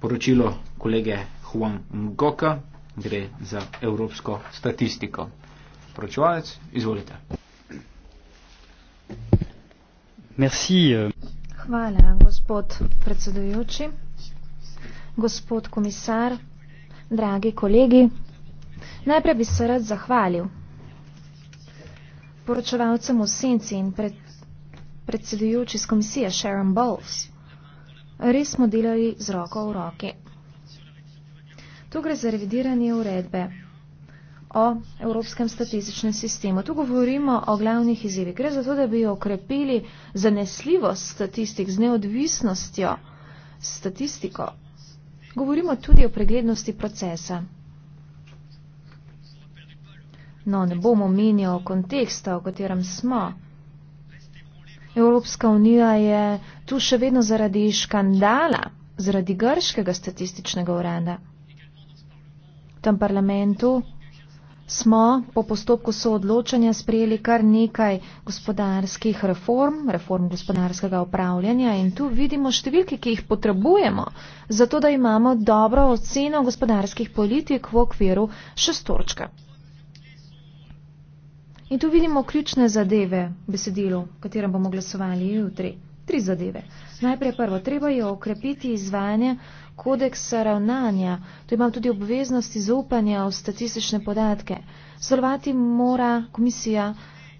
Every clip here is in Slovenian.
poročilo kolege Huang Ngoka gre za evropsko statistiko. Poročevalec, izvolite. Merci. Eh. Hvala, gospod predsedujoči, gospod komisar, dragi kolegi. Najprej bi se rad zahvalil poročevalcem v senci in pred, predsedujoči z komisije Sharon Bowles Res smo delali z roko v roki. Tu gre za revidiranje uredbe o Evropskem statističnem sistemu. Tu govorimo o glavnih izzivih. Gre za to, da bi okrepili zanesljivost statistik z neodvisnostjo statistiko. Govorimo tudi o preglednosti procesa. No, ne bomo menjali konteksta, v katerem smo. Evropska unija je tu še vedno zaradi škandala, zaradi grškega statističnega urada. V tem parlamentu smo po postopku soodločanja sprejeli kar nekaj gospodarskih reform, reform gospodarskega upravljanja in tu vidimo številke, ki jih potrebujemo, zato da imamo dobro oceno gospodarskih politik v okviru šestorčka. In tu vidimo ključne zadeve besedilo, o katerem bomo glasovali jutri. Tri zadeve. Najprej prvo, treba je okrepiti izvajanje kodeksa ravnanja. Tu imam tudi obveznosti zaupanja v statistične podatke. Sodelovati mora komisija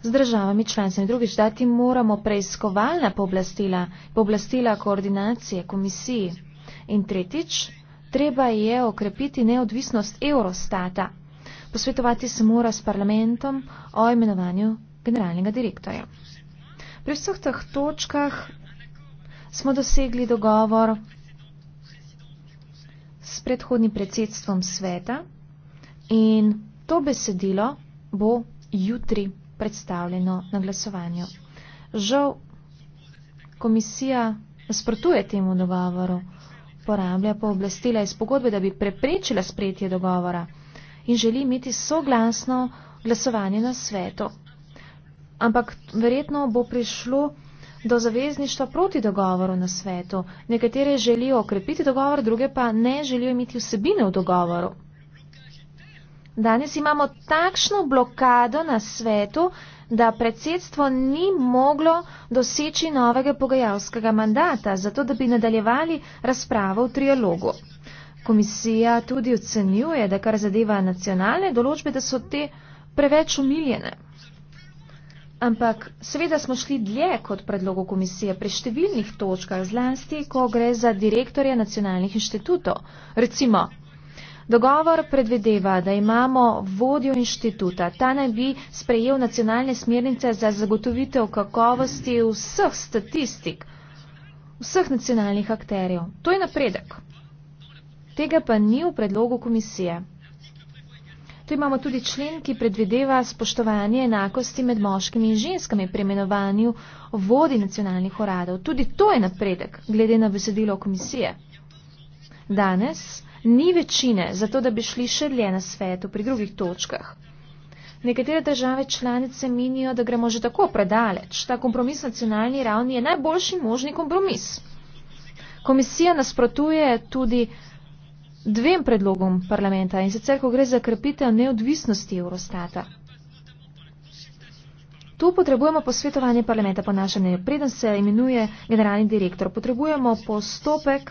z državami članicami. Drugič, dati moramo preiskovalna pooblastila, pooblastila koordinacije komisiji. In tretjič, treba je okrepiti neodvisnost Eurostata posvetovati se mora s parlamentom o imenovanju generalnega direktorja. Pri vseh teh točkah smo dosegli dogovor s predhodnim predsedstvom sveta in to besedilo bo jutri predstavljeno na glasovanju. Žal komisija nasprotuje temu dogovoru, porablja pa oblastila iz pogodbe, da bi preprečila sprejetje dogovora in želi imeti soglasno glasovanje na svetu. Ampak verjetno bo prišlo do zavezništva proti dogovoru na svetu. Nekatere želijo okrepiti dogovor, druge pa ne želijo imeti vsebine v dogovoru. Danes imamo takšno blokado na svetu, da predsedstvo ni moglo doseči novega pogajalskega mandata, zato da bi nadaljevali razpravo v trialogu. Komisija tudi ocenjuje, da kar zadeva nacionalne določbe, da so te preveč umiljene. Ampak seveda smo šli dlje kot predlogo komisije pri številnih točkah zlasti, ko gre za direktorje nacionalnih inštitutov. Recimo, dogovor predvedeva, da imamo vodjo inštituta. Ta naj bi sprejel nacionalne smernice za zagotovitev kakovosti vseh statistik, vseh nacionalnih akterjev. To je napredek. Tega pa ni v predlogu komisije. Tu imamo tudi člen, ki predvideva spoštovanje enakosti med moškimi in ženskami pri imenovanju vodi nacionalnih uradov. Tudi to je napredek, glede na besedilo komisije. Danes ni večine za to, da bi šli še dlje na svetu pri drugih točkah. Nekatere države članice menijo, da gremo že tako predaleč. Ta kompromis na nacionalni ravni je najboljši možni kompromis. Komisija nasprotuje tudi dvem predlogom parlamenta in sicer, ko gre za krepitev neodvisnosti Eurostata. Tu potrebujemo posvetovanje parlamenta po našem mnenju. Preden se imenuje generalni direktor, potrebujemo postopek,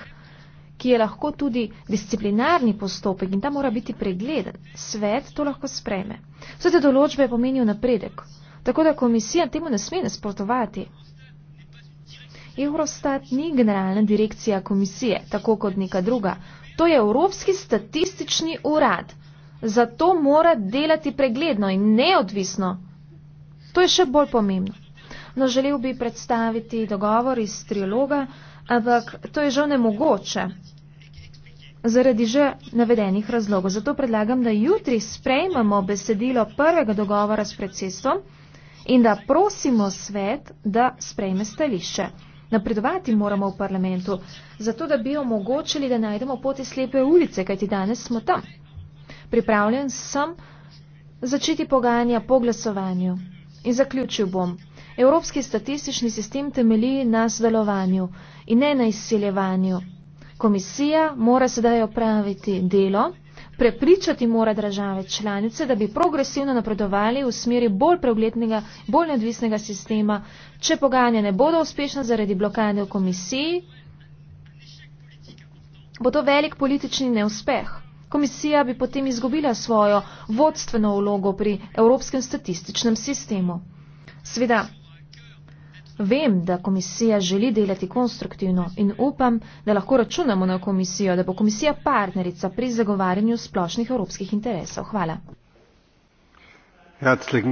ki je lahko tudi disciplinarni postopek in ta mora biti pregleden. Svet to lahko sprejme. Vse te določbe pomenijo napredek. Tako da komisija temu ne sme nasprotovati. Eurostat ni generalna direkcija komisije, tako kot neka druga To je Evropski statistični urad. Zato mora delati pregledno in neodvisno. To je še bolj pomembno. No, želel bi predstaviti dogovor iz triloga, ampak to je žal nemogoče zaradi že navedenih razlogov. Zato predlagam, da jutri sprejmemo besedilo prvega dogovora s predsedstvom in da prosimo svet, da sprejme stališče. Napredovati moramo v parlamentu, zato da bi omogočili, da najdemo poti slepe ulice, kajti danes smo tam. Pripravljen sem začeti pogajanja po glasovanju. In zaključil bom. Evropski statistični sistem temelji na sodelovanju in ne na izseljevanju. Komisija mora sedaj opraviti delo. Prepričati mora države članice, da bi progresivno napredovali v smeri bolj preglednega, bolj neodvisnega sistema. Če pogajanja ne bodo uspešna zaradi blokade v komisiji, bo to velik politični neuspeh. Komisija bi potem izgubila svojo vodstveno vlogo pri evropskem statističnem sistemu. Sveda, Vem, da komisija želi delati konstruktivno in upam, da lahko računamo na komisijo, da bo komisija partnerica pri zagovarjanju splošnih evropskih interesov. Hvala.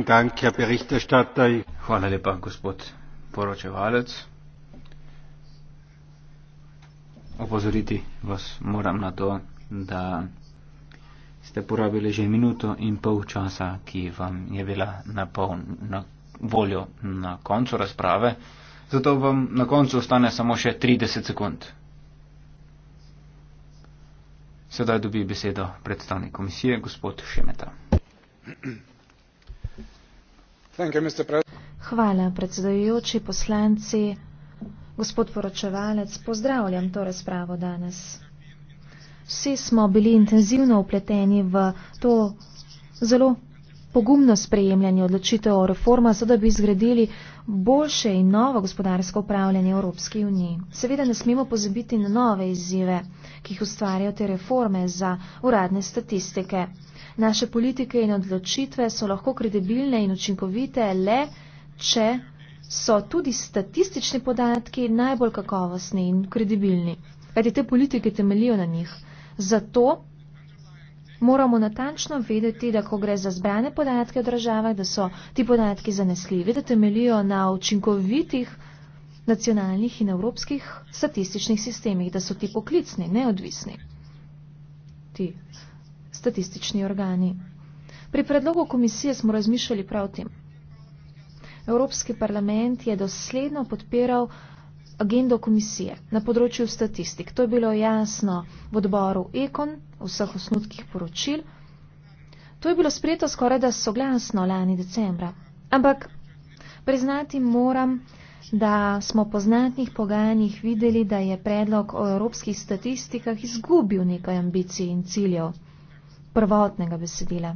Dank, Hvala lepa, gospod poročevalec. Opozoriti vas moram na to, da ste porabili že minuto in pol časa, ki vam je bila napolnjena voljo na koncu razprave, zato vam na koncu ostane samo še 30 sekund. Sedaj dobi besedo predstavnik komisije, gospod Šemeta. Hvala, predsedujoči poslanci, gospod poročevalec, pozdravljam to razpravo danes. Vsi smo bili intenzivno upleteni v to zelo pogumno sprejemljanje odločitev o reforma, da bi zgradili boljše in novo gospodarsko upravljanje Evropske unije. Seveda ne smemo pozabiti na nove izzive, ki jih ustvarjajo te reforme za uradne statistike. Naše politike in odločitve so lahko kredibilne in učinkovite le, če so tudi statistični podatki najbolj kakovostni in kredibilni. Kajti te politike temelijo na njih. Zato moramo natančno vedeti, da ko gre za zbrane podatke o državah, da so ti podatki zanesljivi, da temelijo na učinkovitih nacionalnih in evropskih statističnih sistemih, da so ti poklicni, neodvisni, ti statistični organi. Pri predlogu komisije smo razmišljali prav tem. Evropski parlament je dosledno podpiral agendo komisije na področju statistik. To je bilo jasno v odboru Ekon vseh osnutkih poročil. To je bilo sprejeto skoraj da soglasno lani decembra. Ampak priznati moram, da smo po znatnih pogajanjih videli, da je predlog o evropskih statistikah izgubil nekaj ambicij in ciljev prvotnega besedila.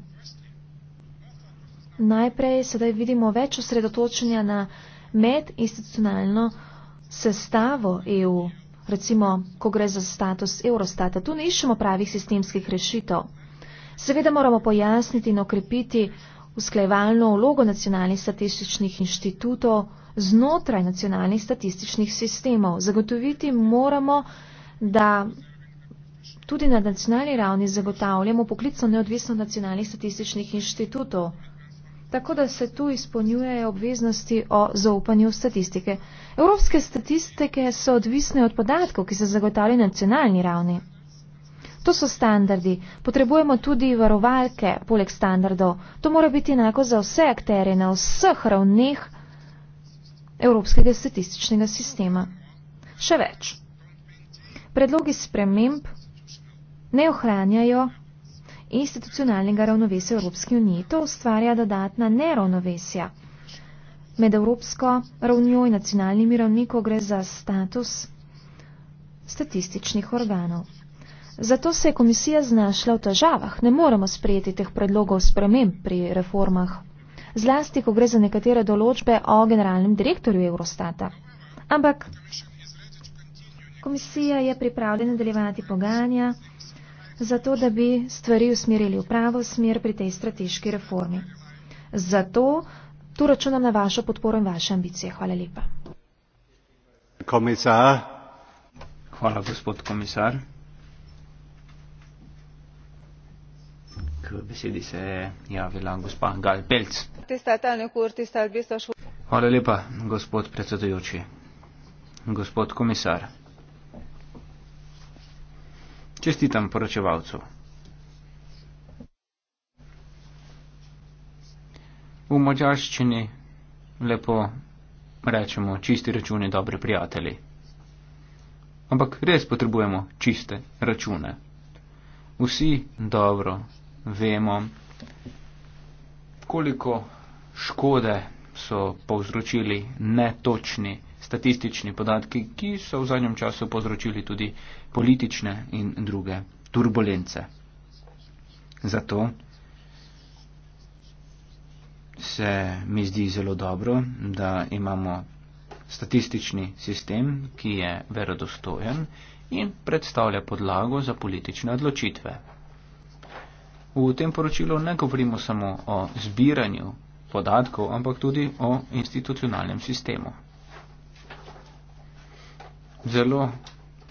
Najprej sedaj vidimo več osredotočenja na medinstitucionalno sestavo EU, recimo, ko gre za status Eurostata. Tu ne iščemo pravih sistemskih rešitev. Seveda moramo pojasniti in okrepiti usklajevalno vlogo nacionalnih statističnih inštitutov znotraj nacionalnih statističnih sistemov. Zagotoviti moramo, da tudi na nacionalni ravni zagotavljamo poklicno neodvisno nacionalnih statističnih inštitutov tako da se tu izpolnjujejo obveznosti o zaupanju v statistike. Evropske statistike so odvisne od podatkov, ki se zagotavljajo na nacionalni ravni. To so standardi. Potrebujemo tudi varovalke poleg standardov. To mora biti enako za vse akterje na vseh ravneh Evropskega statističnega sistema. Še več. Predlogi sprememb ne ohranjajo institucionalnega ravnovesja v Evropski uniji. To ustvarja dodatna neravnovesja. Med evropsko ravnjo in nacionalnimi ravni, ko gre za status statističnih organov. Zato se je komisija znašla v težavah. Ne moremo sprejeti teh predlogov sprememb pri reformah. Zlasti, ko gre za nekatere določbe o generalnem direktorju Eurostata. Ampak komisija je pripravljena nadaljevati pogajanja zato da bi stvari usmerili v pravo smer pri tej strateški reformi. Zato tu računam na vašo podporo in vaše ambicije. Hvala lepa. Komisar. Hvala, gospod komisar. K besedi se je javila gospa Gal Pelc. Hvala lepa, gospod predsedujoči. Gospod komisar. Čestitam poročevalcu. V mačarščini lepo rečemo čisti računi dobri prijatelji. Ampak res potrebujemo čiste račune. Vsi dobro vemo, koliko škode so povzročili netočni računi statistični podatki, ki so v zadnjem času povzročili tudi politične in druge turbulence. Zato se mi zdi zelo dobro, da imamo statistični sistem, ki je verodostojen in predstavlja podlago za politične odločitve. V tem poročilu ne govorimo samo o zbiranju podatkov, ampak tudi o institucionalnem sistemu zelo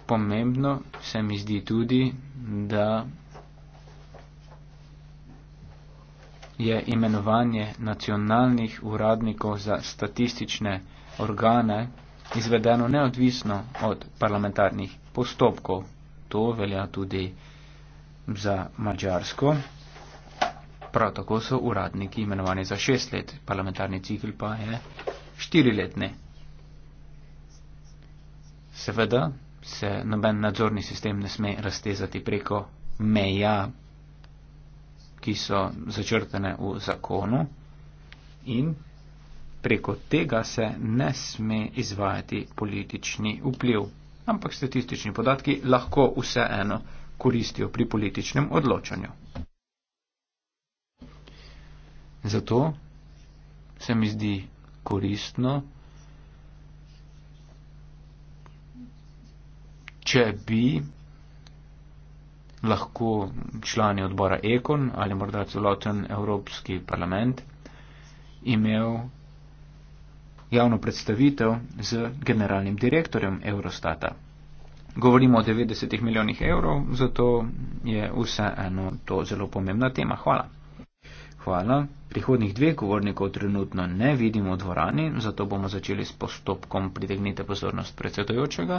pomembno se mi zdi tudi, da je imenovanje nacionalnih uradnikov za statistične organe izvedeno neodvisno od parlamentarnih postopkov. To velja tudi za Mačarsko. Prav tako so uradniki imenovani za šest let, parlamentarni cikl pa je štiriletni. Seveda se noben nadzorni sistem ne sme raztezati preko meja, ki so začrtene v zakonu in preko tega se ne sme izvajati politični vpliv. Ampak statistični podatki lahko vseeno koristijo pri političnem odločanju. Zato se mi zdi koristno, če bi lahko člani odbora Ekon ali morda celoten Evropski parlament imel javno predstavitev z generalnim direktorjem Eurostata. Govorimo o 90 milijonih evrov, zato je vseeno to zelo pomembna tema. Hvala. Hvala. Prihodnih dveh govornikov trenutno ne vidimo v dvorani, zato bomo začeli s postopkom pritegnite pozornost predsedojočega.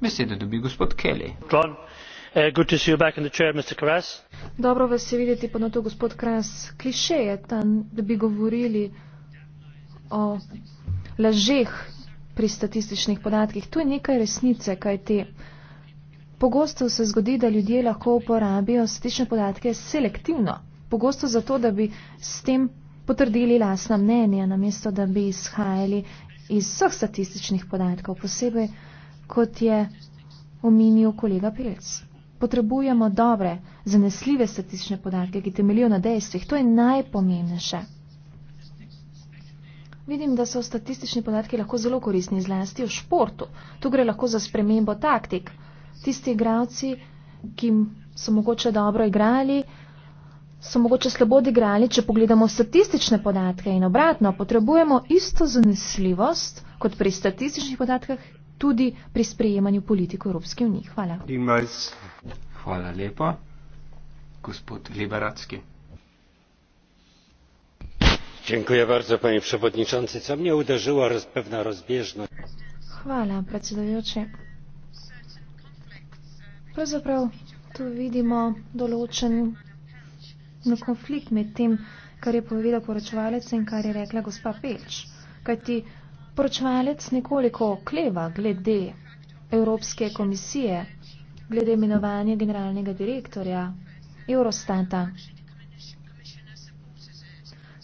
Besedo dobi gospod Kelly. John. Eh, good to see you back in the chair, Mr. Kras. Dobro vas je videti pa na to, gospod Kras. Kliše je tam, da bi govorili o lažeh pri statističnih podatkih. Tu je nekaj resnice, kaj te. Pogosto se zgodi, da ljudje lahko uporabijo statistične podatke selektivno pogosto zato, da bi s tem potrdili lasna mnenja, namesto da bi izhajali iz vseh statističnih podatkov, posebej kot je omenil kolega Pelc. Potrebujemo dobre, zanesljive statistične podatke, ki temeljijo na dejstvih. To je najpomembnejše. Vidim, da so statistični podatki lahko zelo korisni, zlasti v športu. Tu gre lahko za spremembo taktik. Tisti igravci, ki so mogoče dobro igrali, so mogoče slabo odigrali, če pogledamo statistične podatke in obratno, potrebujemo isto zanesljivost kot pri statističnih podatkah tudi pri sprejemanju politik v Evropski uniji. Hvala. Dimas. Hvala lepa. Gospod Liberacki. Dziękuję bardzo, panie przewodniczący. Co mnie uderzyło, roz, pewna rozbieżność. Hvala, predsedujoči. Pravzaprav tu vidimo določen na konflikt med tem, kar je povedal poročevalec in kar je rekla gospa Peč. Kajti poročevalec nekoliko okleva glede Evropske komisije, glede imenovanja generalnega direktorja Eurostata.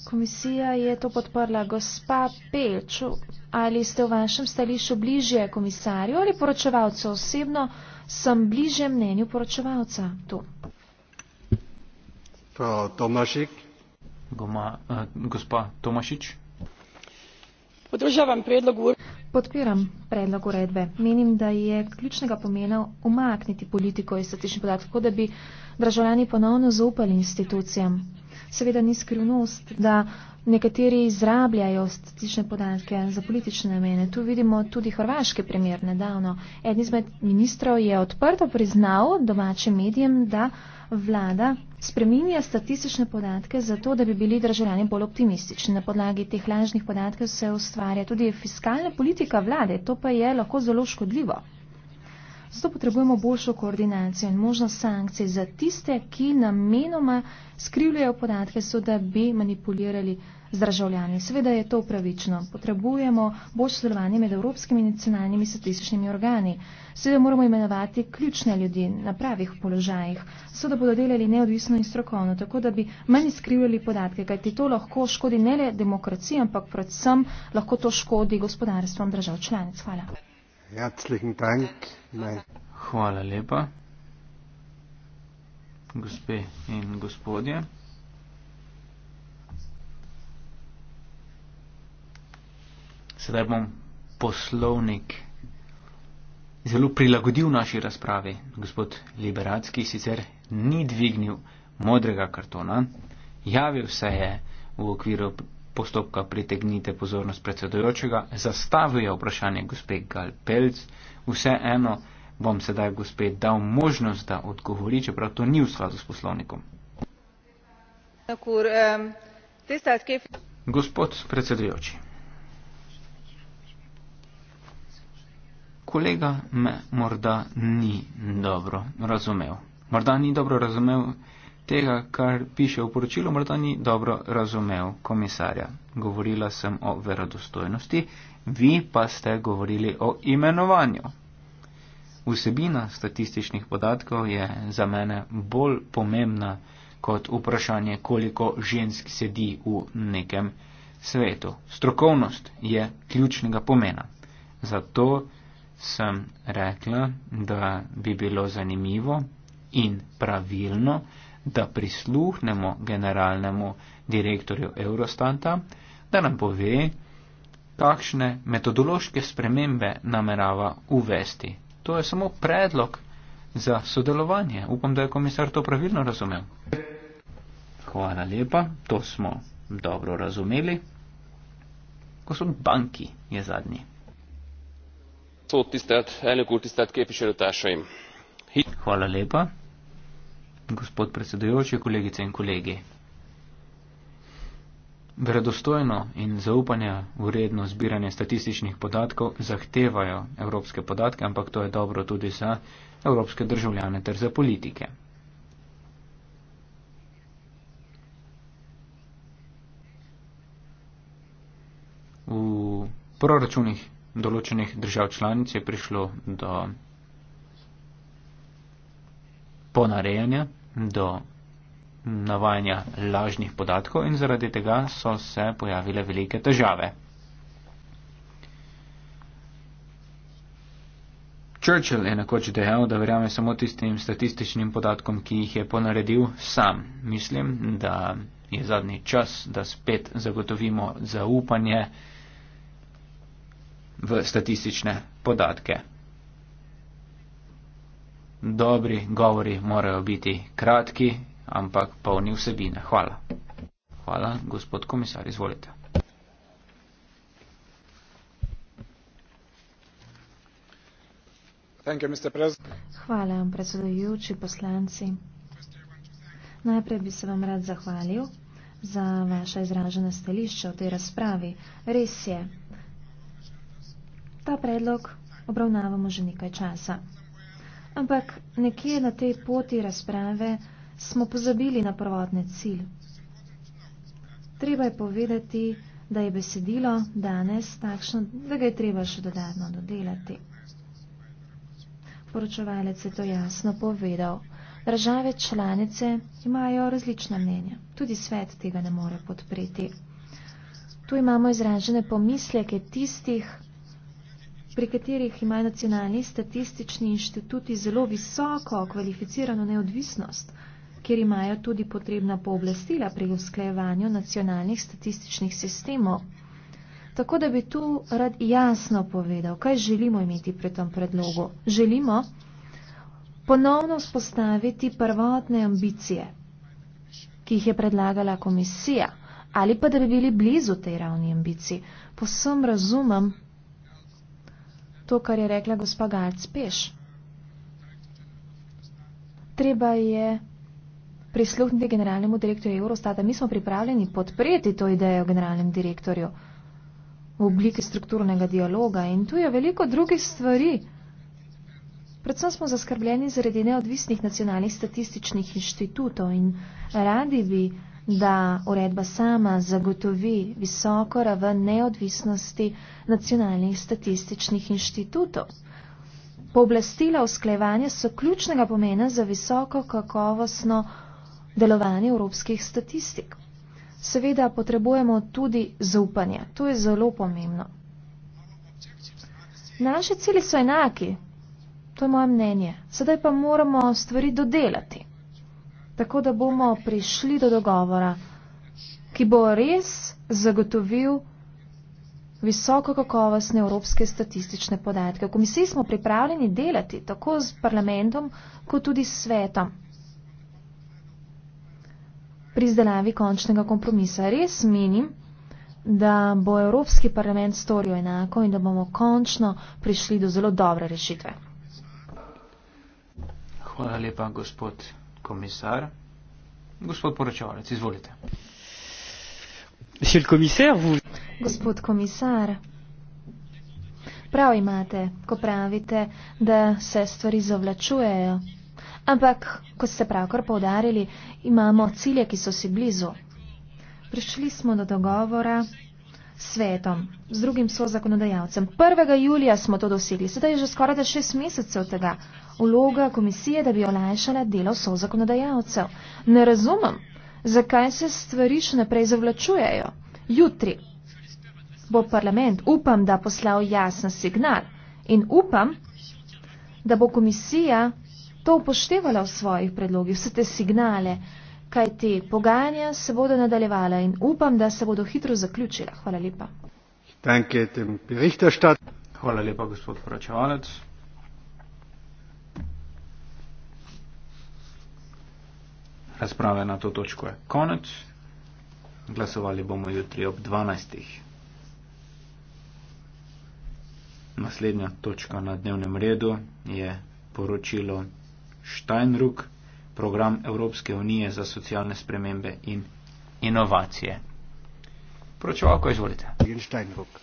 Komisija je to podprla. Gospa Peč, ali ste v vašem stališču bližje komisarju ali poročevalcu osebno? Sem bližje mnenju poročevalca tu. Frau Tomašić. Eh, gospa Tomašić. Podržavam predlog Podpiram predlog uredbe. Menim, da je ključnega pomena umakniti politiko iz statičnih podatkov, da bi državljani ponovno zaupali institucijam seveda ni skrivnost, da nekateri izrabljajo statistične podatke za politične namene. Tu vidimo tudi hrvaške primer nedavno. Eden izmed ministrov je odprto priznal domačim medijem, da vlada spreminja statistične podatke zato, da bi bili državljani bolj optimistični. Na podlagi teh lažnih podatkov se ustvarja tudi fiskalna politika vlade. To pa je lahko zelo škodljivo zato potrebujemo boljšo koordinacijo in možnost sankcij za tiste, ki namenoma skrivljajo podatke, so da bi manipulirali z državljani. Seveda je to pravično. Potrebujemo boljšo sodelovanje med evropskimi in nacionalnimi statističnimi organi. Seveda moramo imenovati ključne ljudi na pravih položajih, so da bodo delali neodvisno in strokovno, tako da bi manj skrivljali podatke, kajti to lahko škodi ne le demokraciji, ampak predvsem lahko to škodi gospodarstvom držav članic. Hvala. Herzlichen Dank. Amen. Hvala lepa, gospe in gospodje. Sedaj bom poslovnik zelo prilagodil naši razpravi. Gospod Liberacki sicer ni dvignil modrega kartona, javil se je v okviru postopka pritegnite pozornost predsedojočega, zastavijo vprašanje gospe Galpelc, vseeno bom sedaj gospe dal možnost, da odgovori, čeprav to ni v skladu s poslovnikom. Gospod predsedujoči, kolega me morda ni dobro razumel. Morda ni dobro razumel Tega, kar piše v poročilu, morda ni dobro razumev komisarja. Govorila sem o verodostojnosti, vi pa ste govorili o imenovanju. Vsebina statističnih podatkov je za mene bolj pomembna kot vprašanje, koliko žensk sedi v nekem svetu. Strokovnost je ključnega pomena. Zato sem rekla, da bi bilo zanimivo in pravilno, da prisluhnemo generalnemu direktorju Eurostanta, da nam pove, kakšne metodološke spremembe namerava uvesti. To je samo predlog za sodelovanje. Upam, da je komisar to pravilno razumel. Hvala lepa, to smo dobro razumeli. Ko so banki je zadnji. Hvala lepa. Gospod predsedujoči, kolegice in kolegi. Verodostojno in zaupanje vredno zbiranje statističnih podatkov zahtevajo evropske podatke, ampak to je dobro tudi za evropske državljane ter za politike. V proračunih določenih držav članic je prišlo do ponarejanja, do navajanja lažnih podatkov in zaradi tega so se pojavile velike težave. Churchill je nekoč dejal, da verjame samo tistim statističnim podatkom, ki jih je ponaredil sam. Mislim, da je zadnji čas, da spet zagotovimo zaupanje v statistične podatke dobri govori morajo biti kratki, ampak polni vsebine. Hvala. Hvala, gospod komisar, izvolite. Hvala vam, predsedujoči poslanci. Najprej bi se vam rad zahvalil za vaše izražene stališče v tej razpravi. Res je, ta predlog obravnavamo že nekaj časa. Ampak nekje na tej poti razprave smo pozabili na prvotne cilj. Treba je povedati, da je besedilo danes takšno, da ga je treba še dodatno dodelati. Poročevalec je to jasno povedal. Države članice imajo različna mnenja. Tudi svet tega ne more podpreti. Tu imamo izražene pomisleke tistih, pri katerih imajo nacionalni statistični inštituti zelo visoko kvalificirano neodvisnost, kjer imajo tudi potrebna pooblastila pri usklajevanju nacionalnih statističnih sistemov. Tako da bi tu rad jasno povedal, kaj želimo imeti pri tem predlogu. Želimo ponovno vzpostaviti prvotne ambicije, ki jih je predlagala komisija, ali pa da bi bili blizu tej ravni ambicij. Posem razumem, to, kar je rekla gospa Garc Peš. Treba je prisluhniti generalnemu direktorju Eurostata. Mi smo pripravljeni podpreti to idejo generalnem direktorju v obliki strukturnega dialoga in tu je veliko drugih stvari. Predvsem smo zaskrbljeni zaradi neodvisnih nacionalnih statističnih inštitutov in radi bi da uredba sama zagotovi visoko raven neodvisnosti nacionalnih statističnih inštitutov. Pooblastila usklejevanja so ključnega pomena za visoko kakovostno delovanje evropskih statistik. Seveda potrebujemo tudi zaupanje. To je zelo pomembno. Naše cilje so enaki. To je moje mnenje. Sedaj pa moramo stvari dodelati tako da bomo prišli do dogovora, ki bo res zagotovil visoko kakovostne evropske statistične podatke. V komisiji smo pripravljeni delati tako z parlamentom, kot tudi s svetom pri izdelavi končnega kompromisa. Res menim, da bo Evropski parlament storil enako in da bomo končno prišli do zelo dobre rešitve. Hvala lepa, gospod commissaire. Gospod poročevalec, izvolite. Monsieur le commissaire, vous... Gospod komisar, prav imate, ko pravite, da se stvari zavlačujejo. Ampak, kot ste pravkar poudarili, imamo cilje, ki so si blizu. Prišli smo do dogovora s svetom, z drugim sozakonodajalcem. 1. julija smo to dosegli, sedaj je že skoraj da šest mesecev tega vloga komisije, da bi olajšala delo so zakonodajalcev. Ne razumem, zakaj se stvari še naprej zavlačujejo. Jutri bo parlament, upam, da poslal jasen signal in upam, da bo komisija to upoštevala v svojih predlogih, vse te signale, kaj te pogajanja se bodo nadaljevala in upam, da se bodo hitro zaključila. Hvala lepa. Danke dem Berichterstatter. Hvala lepa, gospod poročevalec. razprave na to točko je konec. Glasovali bomo jutri ob 12. Naslednja točka na dnevnem redu je poročilo Steinruck, program Evropske unije za socialne spremembe in inovacije. Pročevalko, izvolite.